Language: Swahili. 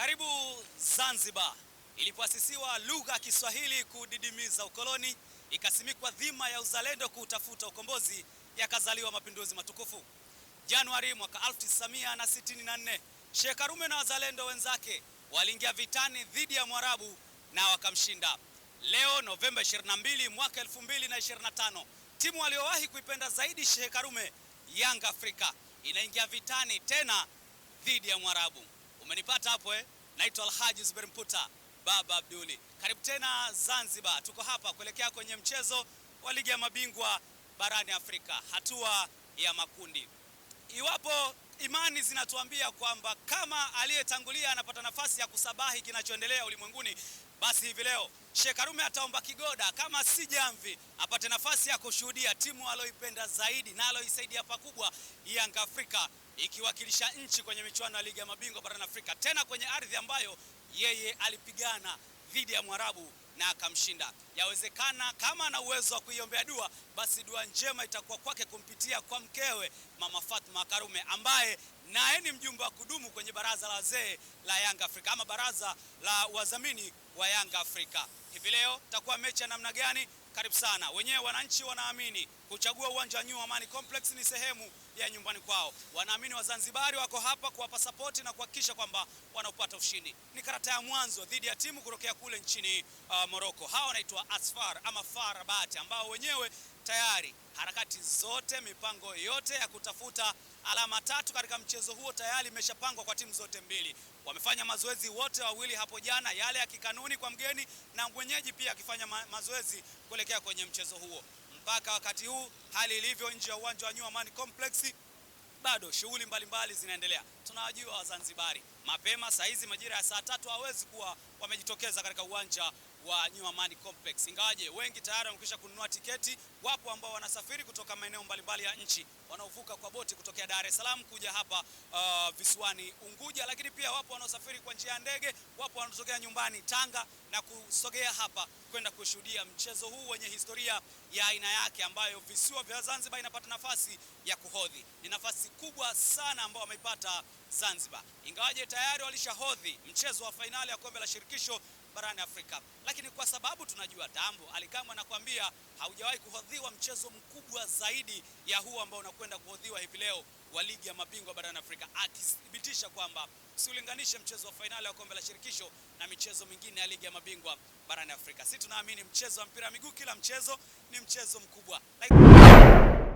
Karibu Zanzibar. Ilipoasisiwa lugha ya Kiswahili kudidimiza ukoloni, ikasimikwa dhima ya uzalendo kuutafuta ukombozi, yakazaliwa mapinduzi matukufu. Januari mwaka 1964, Sheikh Karume na wazalendo wenzake waliingia vitani dhidi ya Mwarabu na wakamshinda. Leo Novemba 22 mwaka 2025, timu waliowahi kuipenda zaidi Sheikh Karume, Yanga Afrika, inaingia vitani tena dhidi ya Mwarabu. Umenipata hapo eh? Naitwa Alhaji Zuberi Mputa Baba Abduli. Karibu tena Zanzibar. Tuko hapa kuelekea kwenye mchezo wa ligi ya mabingwa barani Afrika, hatua ya makundi. Iwapo Imani zinatuambia kwamba kama aliyetangulia anapata nafasi ya kusabahi kinachoendelea ulimwenguni, basi hivi leo Sheikh Karume ataomba kigoda, kama si jamvi, apate nafasi ya kushuhudia timu aloipenda zaidi na aloisaidia pakubwa, Yanga Afrika, ikiwakilisha nchi kwenye michuano ya ligi ya mabingwa barani Afrika, tena kwenye ardhi ambayo yeye alipigana dhidi ya Mwarabu na akamshinda. Yawezekana kama ana uwezo wa kuiombea dua, basi dua njema itakuwa kwake kumpitia kwa mkewe Mama Fatma Karume ambaye naye ni mjumbe wa kudumu kwenye baraza la wazee la Yanga Afrika ama baraza la wadhamini wa Yanga Afrika. Hivi leo itakuwa mechi ya namna gani? Karibu sana. Wenyewe wananchi wanaamini kuchagua uwanja wa New Amani Complex ni sehemu ya nyumbani kwao. Wanaamini Wazanzibari wako hapa kuwapa sapoti na kuhakikisha kwamba wanaupata ushindi. Ni karata ya mwanzo dhidi ya timu kutokea kule nchini uh, Morocco. Hawa wanaitwa Asfar ama FAR Rabat ambao wenyewe tayari harakati zote, mipango yote ya kutafuta alama tatu katika mchezo huo tayari imeshapangwa kwa timu zote mbili. Wamefanya mazoezi wote wawili hapo jana, yale ya kikanuni kwa mgeni na mwenyeji pia akifanya ma mazoezi kuelekea kwenye mchezo huo mpaka wakati huu hali ilivyo nje ya uwanja wa New Amaan Complex, bado shughuli mbalimbali zinaendelea. Tunawajua Wazanzibari mapema saa hizi majira ya saa tatu hawawezi kuwa wamejitokeza katika uwanja wa New Amani Complex, ingawaje wengi tayari wamekwisha kununua tiketi. Wapo ambao wanasafiri kutoka maeneo mbalimbali ya nchi wanaovuka kwa boti kutokea Dar es Salaam kuja hapa uh, visiwani Unguja, lakini pia wapo wanaosafiri kwa njia ya ndege, wapo wanaotokea nyumbani Tanga na kusogea hapa kwenda kushuhudia mchezo huu wenye historia ya aina yake ambayo visiwa vya Zanzibar inapata nafasi ya kuhodhi. Ni nafasi kubwa sana ambayo wameipata Zanzibar, ingawaje tayari walishahodhi mchezo wa fainali ya kombe la shirikisho barani Afrika, lakini kwa sababu tunajua Tambo Alikamwe anakuambia haujawahi kuhodhiwa mchezo mkubwa zaidi ya huu ambao unakwenda kuhodhiwa hivi leo wa ligi ya mabingwa barani Afrika, akithibitisha kwamba usiulinganishe mchezo wa fainali ya kombe la shirikisho na michezo mingine ya ligi ya mabingwa barani Afrika. Si tunaamini mchezo wa mpira wa miguu, kila mchezo ni mchezo mkubwa like...